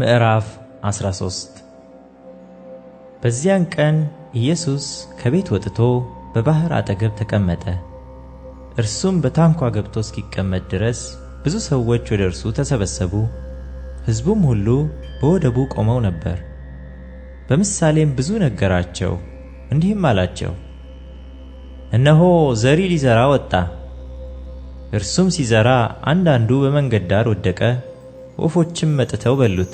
ምዕራፍ 13 በዚያን ቀን ኢየሱስ ከቤት ወጥቶ በባሕር አጠገብ ተቀመጠ። እርሱም በታንኳ ገብቶ እስኪቀመጥ ድረስ ብዙ ሰዎች ወደ እርሱ ተሰበሰቡ። ሕዝቡም ሁሉ በወደቡ ቆመው ነበር። በምሳሌም ብዙ ነገራቸው፣ እንዲህም አላቸው፦ እነሆ ዘሪ ሊዘራ ወጣ። እርሱም ሲዘራ አንዳንዱ በመንገድ ዳር ወደቀ፣ ወፎችም መጥተው በሉት።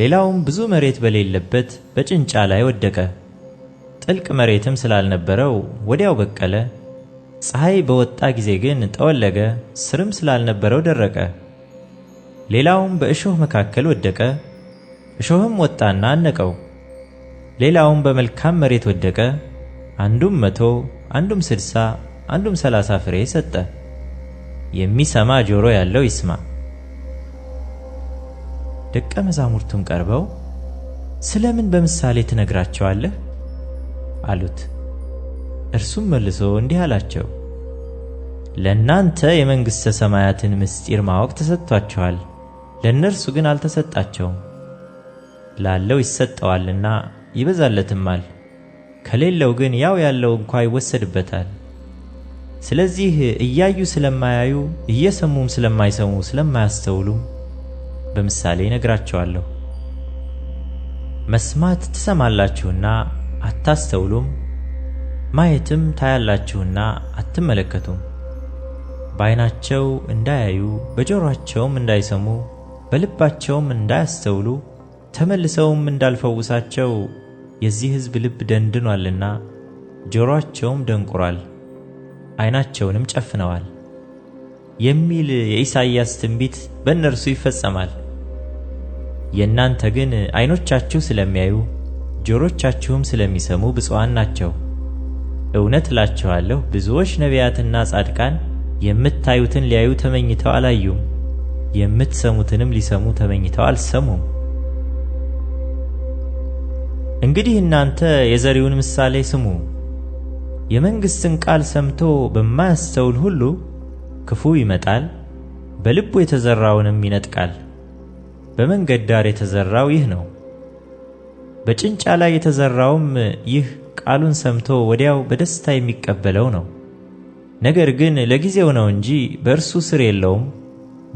ሌላውም ብዙ መሬት በሌለበት በጭንጫ ላይ ወደቀ። ጥልቅ መሬትም ስላልነበረው ወዲያው በቀለ። ፀሐይ በወጣ ጊዜ ግን ጠወለገ፣ ስርም ስላልነበረው ደረቀ። ሌላውም በእሾህ መካከል ወደቀ፣ እሾህም ወጣና አነቀው። ሌላውም በመልካም መሬት ወደቀ፣ አንዱም መቶ አንዱም ስድሳ አንዱም ሰላሳ ፍሬ ሰጠ። የሚሰማ ጆሮ ያለው ይስማ። ደቀ መዛሙርቱም ቀርበው ስለምን በምሳሌ ትነግራቸዋለህ? አሉት። እርሱም መልሶ እንዲህ አላቸው፣ ለእናንተ የመንግሥተ ሰማያትን ምስጢር ማወቅ ተሰጥቷቸዋል ለእነርሱ ግን አልተሰጣቸውም። ላለው ይሰጠዋልና ይበዛለትማል፣ ከሌለው ግን ያው ያለው እንኳ ይወሰድበታል። ስለዚህ እያዩ ስለማያዩ እየሰሙም ስለማይሰሙ ስለማያስተውሉም በምሳሌ ነግራቸዋለሁ። መስማት ትሰማላችሁና አታስተውሉም፣ ማየትም ታያላችሁና አትመለከቱም። በዓይናቸው እንዳያዩ በጆሮአቸውም እንዳይሰሙ በልባቸውም እንዳያስተውሉ ተመልሰውም እንዳልፈውሳቸው የዚህ ሕዝብ ልብ ደንድኗልና ጆሮአቸውም ደንቁሯል፣ ዓይናቸውንም ጨፍነዋል የሚል የኢሳይያስ ትንቢት በእነርሱ ይፈጸማል። የእናንተ ግን ዓይኖቻችሁ ስለሚያዩ ጆሮቻችሁም ስለሚሰሙ ብፁዓን ናቸው። እውነት እላችኋለሁ ብዙዎች ነቢያትና ጻድቃን የምታዩትን ሊያዩ ተመኝተው አላዩም፣ የምትሰሙትንም ሊሰሙ ተመኝተው አልሰሙም። እንግዲህ እናንተ የዘሪውን ምሳሌ ስሙ። የመንግሥትን ቃል ሰምቶ በማያስተውል ሁሉ ክፉ ይመጣል፣ በልቡ የተዘራውንም ይነጥቃል። በመንገድ ዳር የተዘራው ይህ ነው። በጭንጫ ላይ የተዘራውም ይህ ቃሉን ሰምቶ ወዲያው በደስታ የሚቀበለው ነው። ነገር ግን ለጊዜው ነው እንጂ በእርሱ ስር የለውም።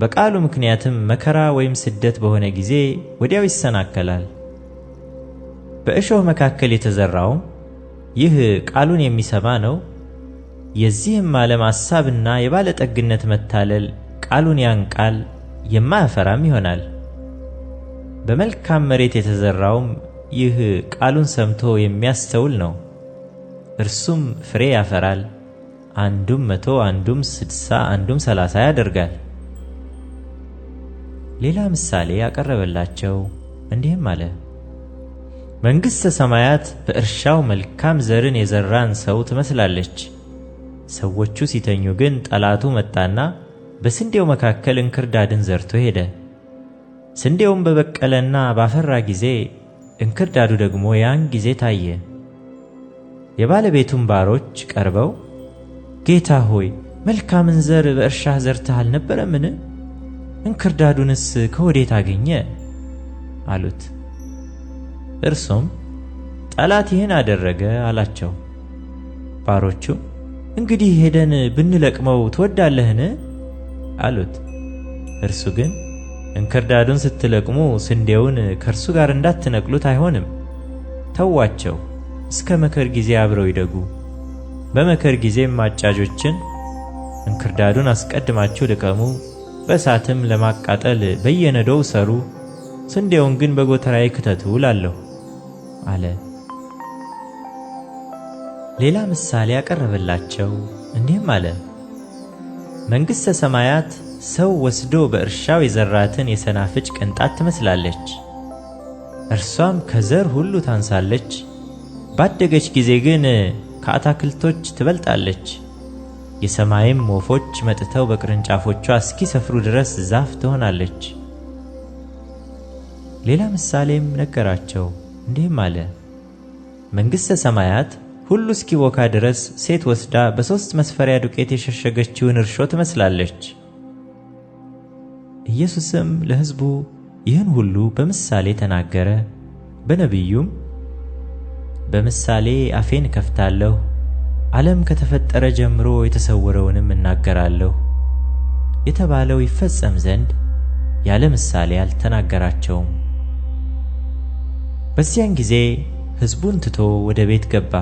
በቃሉ ምክንያትም መከራ ወይም ስደት በሆነ ጊዜ ወዲያው ይሰናከላል። በእሾህ መካከል የተዘራውም ይህ ቃሉን የሚሰማ ነው። የዚህም ዓለም ሐሳብና የባለጠግነት መታለል ቃሉን ያንቃል፣ የማያፈራም ይሆናል። በመልካም መሬት የተዘራውም ይህ ቃሉን ሰምቶ የሚያስተውል ነው። እርሱም ፍሬ ያፈራል፣ አንዱም መቶ አንዱም ስድሳ አንዱም ሰላሳ ያደርጋል። ሌላ ምሳሌ ያቀረበላቸው እንዲህም አለ። መንግሥተ ሰማያት በእርሻው መልካም ዘርን የዘራን ሰው ትመስላለች። ሰዎቹ ሲተኙ ግን ጠላቱ መጣና በስንዴው መካከል እንክርዳድን ዘርቶ ሄደ። ስንዴውም በበቀለና ባፈራ ጊዜ እንክርዳዱ ደግሞ ያን ጊዜ ታየ። የባለቤቱም ባሮች ቀርበው ጌታ ሆይ መልካምን ዘር በእርሻህ ዘርተህ አልነበረምን? እንክርዳዱንስ ከወዴት አገኘ? አሉት። እርሱም ጠላት ይህን አደረገ አላቸው። ባሮቹም እንግዲህ ሄደን ብንለቅመው ትወዳለህን? አሉት። እርሱ ግን እንክርዳዱን ስትለቅሙ ስንዴውን ከእርሱ ጋር እንዳትነቅሉት አይሆንም። ተዋቸው፣ እስከ መከር ጊዜ አብረው ይደጉ። በመከር ጊዜም ማጫጆችን እንክርዳዱን አስቀድማችሁ ልቀሙ፣ በእሳትም ለማቃጠል በየነዶው ሰሩ፣ ስንዴውን ግን በጎተራዬ ክተቱ እላለሁ አለ። ሌላ ምሳሌ ያቀረበላቸው እንዲህም አለ፣ መንግሥተ ሰማያት ሰው ወስዶ በእርሻው የዘራትን የሰናፍጭ ቅንጣት ትመስላለች። እርሷም ከዘር ሁሉ ታንሳለች፣ ባደገች ጊዜ ግን ከአታክልቶች ትበልጣለች። የሰማይም ወፎች መጥተው በቅርንጫፎቿ እስኪሰፍሩ ድረስ ዛፍ ትሆናለች። ሌላ ምሳሌም ነገራቸው፣ እንዲህም አለ፦ መንግሥተ ሰማያት ሁሉ እስኪቦካ ድረስ ሴት ወስዳ በሦስት መስፈሪያ ዱቄት የሸሸገችውን እርሾ ትመስላለች። ኢየሱስም ለሕዝቡ ይህን ሁሉ በምሳሌ ተናገረ። በነቢዩም በምሳሌ አፌን ከፍታለሁ ዓለም ከተፈጠረ ጀምሮ የተሰወረውንም እናገራለሁ የተባለው ይፈጸም ዘንድ ያለ ምሳሌ አልተናገራቸውም። በዚያን ጊዜ ሕዝቡን ትቶ ወደ ቤት ገባ።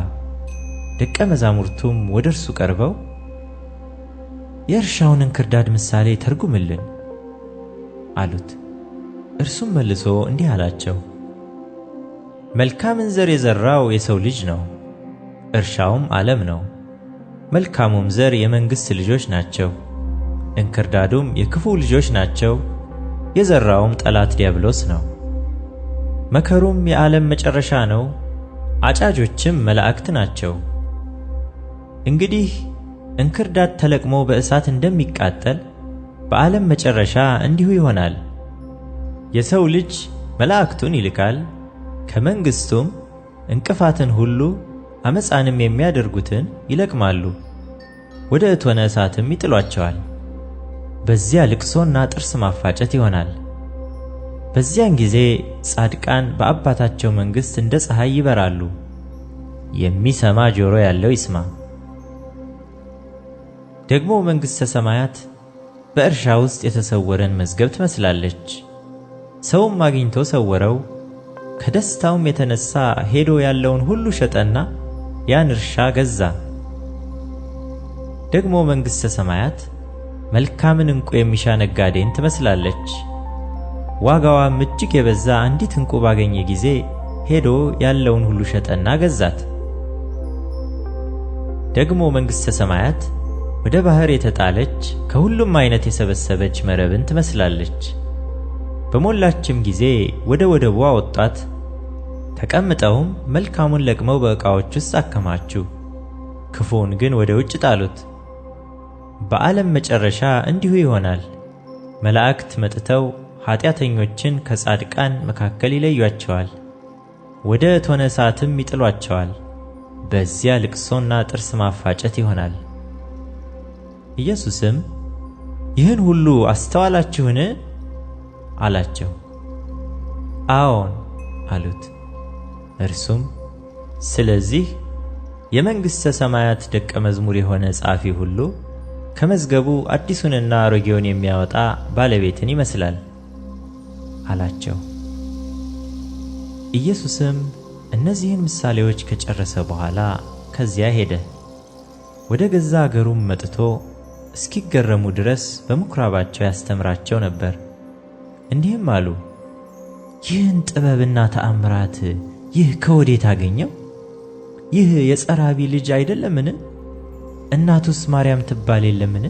ደቀ መዛሙርቱም ወደ እርሱ ቀርበው የእርሻውን እንክርዳድ ምሳሌ ተርጉምልን አሉት። እርሱም መልሶ እንዲህ አላቸው፣ መልካምን ዘር የዘራው የሰው ልጅ ነው፣ እርሻውም ዓለም ነው። መልካሙም ዘር የመንግሥት ልጆች ናቸው፣ እንክርዳዱም የክፉ ልጆች ናቸው። የዘራውም ጠላት ዲያብሎስ ነው። መከሩም የዓለም መጨረሻ ነው፣ አጫጆችም መላእክት ናቸው። እንግዲህ እንክርዳድ ተለቅሞ በእሳት እንደሚቃጠል በዓለም መጨረሻ እንዲሁ ይሆናል። የሰው ልጅ መላእክቱን ይልካል፣ ከመንግሥቱም እንቅፋትን ሁሉ አመፃንም የሚያደርጉትን ይለቅማሉ፣ ወደ እቶነ እሳትም ይጥሏቸዋል። በዚያ ልቅሶና ጥርስ ማፋጨት ይሆናል። በዚያን ጊዜ ጻድቃን በአባታቸው መንግሥት እንደ ፀሐይ ይበራሉ። የሚሰማ ጆሮ ያለው ይስማ። ደግሞ መንግሥተ ሰማያት በእርሻ ውስጥ የተሰወረን መዝገብ ትመስላለች። ሰውም አግኝቶ ሰወረው። ከደስታውም የተነሳ ሄዶ ያለውን ሁሉ ሸጠና ያን እርሻ ገዛ። ደግሞ መንግሥተ ሰማያት መልካምን ዕንቁ የሚሻ ነጋዴን ትመስላለች። ዋጋዋም እጅግ የበዛ አንዲት ዕንቁ ባገኘ ጊዜ ሄዶ ያለውን ሁሉ ሸጠና ገዛት። ደግሞ መንግሥተ ሰማያት ወደ ባህር የተጣለች ከሁሉም አይነት የሰበሰበች መረብን ትመስላለች። በሞላችም ጊዜ ወደ ወደቡ አወጧት። ተቀምጠውም መልካሙን ለቅመው በእቃዎች ውስጥ አከማቹ፣ ክፉውን ግን ወደ ውጭ ጣሉት። በዓለም መጨረሻ እንዲሁ ይሆናል። መላእክት መጥተው ኃጢአተኞችን ከጻድቃን መካከል ይለያቸዋል። ወደ እቶነ እሳትም ይጥሏቸዋል። በዚያ ልቅሶና ጥርስ ማፋጨት ይሆናል። ኢየሱስም ይህን ሁሉ አስተዋላችሁን? አላቸው። አዎን አሉት። እርሱም ስለዚህ የመንግሥተ ሰማያት ደቀ መዝሙር የሆነ ጻፊ ሁሉ ከመዝገቡ አዲሱንና አሮጌውን የሚያወጣ ባለቤትን ይመስላል አላቸው። ኢየሱስም እነዚህን ምሳሌዎች ከጨረሰ በኋላ ከዚያ ሄደ። ወደ ገዛ አገሩም መጥቶ እስኪገረሙ ድረስ በምኩራባቸው ያስተምራቸው ነበር። እንዲህም አሉ፣ ይህን ጥበብና ተአምራት ይህ ከወዴት አገኘው? ይህ የጸራቢ ልጅ አይደለምን? እናቱስ ማርያም ትባል የለምን?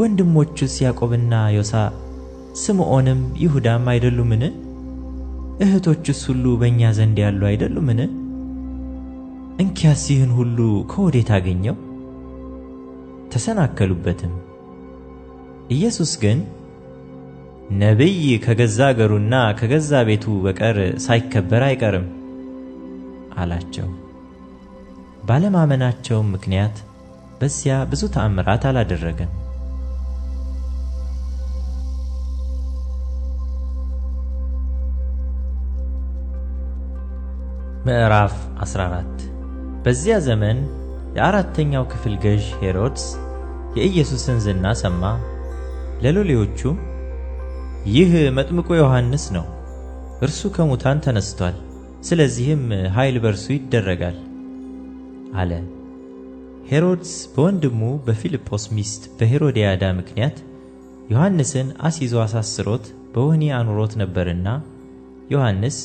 ወንድሞቹስ ያዕቆብና ዮሳ፣ ስምዖንም ይሁዳም አይደሉምን? እህቶቹስ ሁሉ በእኛ ዘንድ ያሉ አይደሉምን? እንኪያስ ይህን ሁሉ ከወዴት አገኘው? ተሰናከሉበትም። ኢየሱስ ግን ነቢይ ከገዛ አገሩና ከገዛ ቤቱ በቀር ሳይከበር አይቀርም አላቸው። ባለማመናቸውም ምክንያት በዚያ ብዙ ተአምራት አላደረገም። ምዕራፍ 14 በዚያ ዘመን የአራተኛው ክፍል ገዥ ሄሮድስ የኢየሱስን ዝና ሰማ። ለሎሌዎቹ ይህ መጥምቁ ዮሐንስ ነው፣ እርሱ ከሙታን ተነስቷል፣ ስለዚህም ኃይል በርሱ ይደረጋል አለ። ሄሮድስ በወንድሙ በፊልጶስ ሚስት በሄሮድያዳ ምክንያት ዮሐንስን አስይዞ አሳስሮት በወህኒ አኑሮት ነበርና ዮሐንስ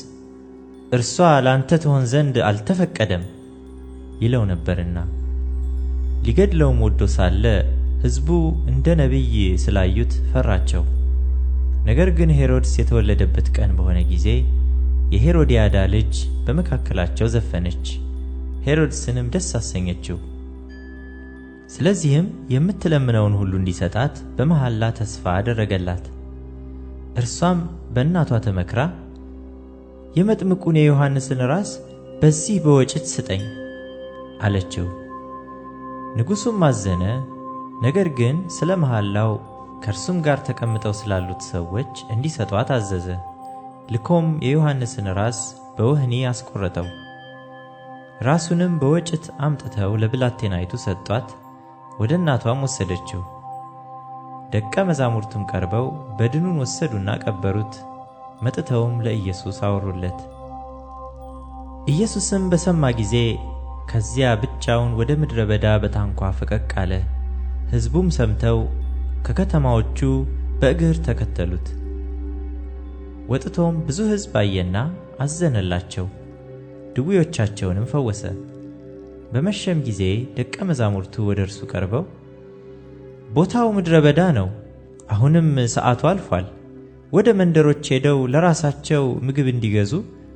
እርሷ ላንተ ትሆን ዘንድ አልተፈቀደም ይለው ነበርና ሊገድለውም ወዶ ሳለ ሕዝቡ እንደ ነቢይ ስላዩት ፈራቸው። ነገር ግን ሄሮድስ የተወለደበት ቀን በሆነ ጊዜ የሄሮዲያዳ ልጅ በመካከላቸው ዘፈነች፣ ሄሮድስንም ደስ አሰኘችው። ስለዚህም የምትለምነውን ሁሉ እንዲሰጣት በመሐላ ተስፋ አደረገላት። እርሷም በእናቷ ተመክራ የመጥምቁን የዮሐንስን ራስ በዚህ በወጭት ስጠኝ አለችው። ንጉሡም አዘነ። ነገር ግን ስለ መሐላው ከእርሱም ጋር ተቀምጠው ስላሉት ሰዎች እንዲሰጧት አዘዘ። ልኮም የዮሐንስን ራስ በወህኒ አስቆረጠው። ራሱንም በወጭት አምጥተው ለብላቴናይቱ ሰጧት፣ ወደ እናቷም ወሰደችው። ደቀ መዛሙርቱም ቀርበው በድኑን ወሰዱና ቀበሩት። መጥተውም ለኢየሱስ አወሩለት። ኢየሱስም በሰማ ጊዜ ከዚያ ብቻውን ወደ ምድረ በዳ በታንኳ ፈቀቅ አለ። ሕዝቡም ሰምተው ከከተማዎቹ በእግር ተከተሉት። ወጥቶም ብዙ ሕዝብ አየና አዘነላቸው፣ ድውዮቻቸውንም ፈወሰ። በመሸም ጊዜ ደቀ መዛሙርቱ ወደ እርሱ ቀርበው ቦታው ምድረ በዳ ነው፣ አሁንም ሰዓቱ አልፏል። ወደ መንደሮች ሄደው ለራሳቸው ምግብ እንዲገዙ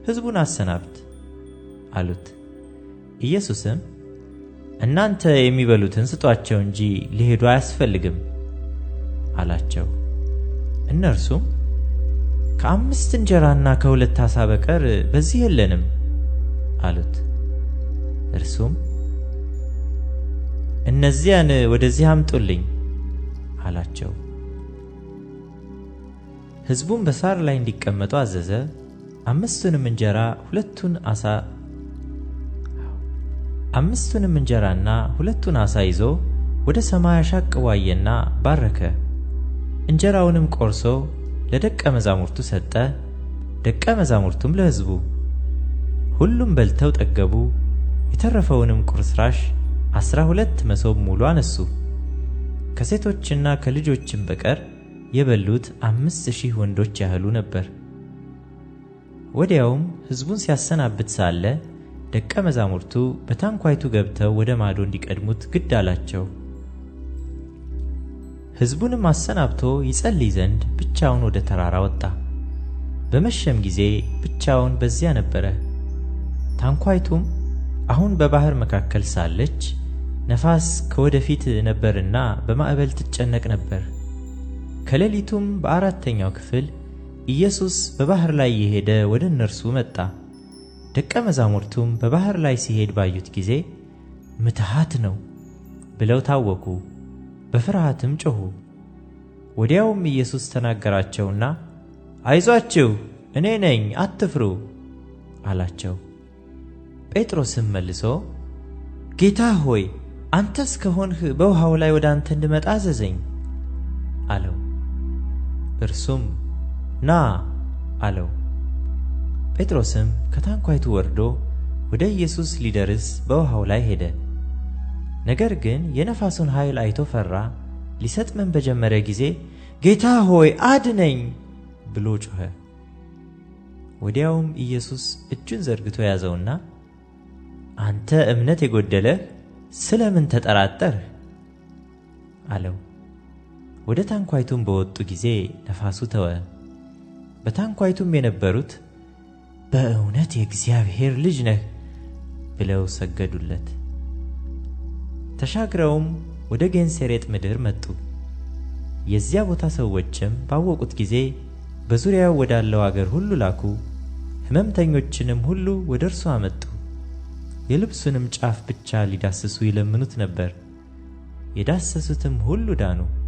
ሕዝቡን አሰናብት አሉት። ኢየሱስም እናንተ የሚበሉትን ስጧቸው እንጂ ሊሄዱ አያስፈልግም አላቸው። እነርሱም ከአምስት እንጀራና ከሁለት ዓሣ በቀር በዚህ የለንም አሉት። እርሱም እነዚያን ወደዚህ አምጡልኝ አላቸው። ሕዝቡም በሳር ላይ እንዲቀመጡ አዘዘ። አምስቱንም እንጀራ ሁለቱን ዓሣ አምስቱንም እንጀራና ሁለቱን ዓሣ ይዞ ወደ ሰማይ አሻቅቦ አየና ባረከ። እንጀራውንም ቆርሶ ለደቀ መዛሙርቱ ሰጠ፣ ደቀ መዛሙርቱም ለሕዝቡ። ሁሉም በልተው ጠገቡ። የተረፈውንም ቁርስራሽ አስራ ሁለት መሶብ ሙሉ አነሱ። ከሴቶችና ከልጆችም በቀር የበሉት አምስት ሺህ ወንዶች ያህሉ ነበር። ወዲያውም ሕዝቡን ሲያሰናብት ሳለ ደቀ መዛሙርቱ በታንኳይቱ ገብተው ወደ ማዶ እንዲቀድሙት ግድ አላቸው። ሕዝቡንም አሰናብቶ ይጸልይ ዘንድ ብቻውን ወደ ተራራ ወጣ። በመሸም ጊዜ ብቻውን በዚያ ነበረ። ታንኳይቱም አሁን በባሕር መካከል ሳለች ነፋስ ከወደፊት ነበርና በማዕበል ትጨነቅ ነበር። ከሌሊቱም በአራተኛው ክፍል ኢየሱስ በባሕር ላይ እየሄደ ወደ እነርሱ መጣ። ደቀ መዛሙርቱም በባሕር ላይ ሲሄድ ባዩት ጊዜ ምትሃት ነው ብለው ታወኩ፣ በፍርሃትም ጮኹ። ወዲያውም ኢየሱስ ተናገራቸውና አይዟችሁ እኔ ነኝ አትፍሩ አላቸው። ጴጥሮስም መልሶ ጌታ ሆይ አንተስ ከሆንህ በውሃው ላይ ወደ አንተ እንድመጣ አዘዘኝ አለው። እርሱም ና አለው። ጴጥሮስም ከታንኳይቱ ወርዶ ወደ ኢየሱስ ሊደርስ በውኃው ላይ ሄደ። ነገር ግን የነፋሱን ኃይል አይቶ ፈራ። ሊሰጥምን በጀመረ ጊዜ ጌታ ሆይ አድነኝ ብሎ ጮኸ። ወዲያውም ኢየሱስ እጁን ዘርግቶ ያዘውና አንተ እምነት የጎደለህ ስለ ምን ተጠራጠርህ? አለው። ወደ ታንኳይቱም በወጡ ጊዜ ነፋሱ ተወ። በታንኳይቱም የነበሩት በእውነት የእግዚአብሔር ልጅ ነህ ብለው ሰገዱለት። ተሻግረውም ወደ ጌንሴሬጥ ምድር መጡ። የዚያ ቦታ ሰዎችም ባወቁት ጊዜ በዙሪያው ወዳለው አገር ሁሉ ላኩ፣ ሕመምተኞችንም ሁሉ ወደ እርሱ አመጡ። የልብሱንም ጫፍ ብቻ ሊዳስሱ ይለምኑት ነበር። የዳሰሱትም ሁሉ ዳኑ።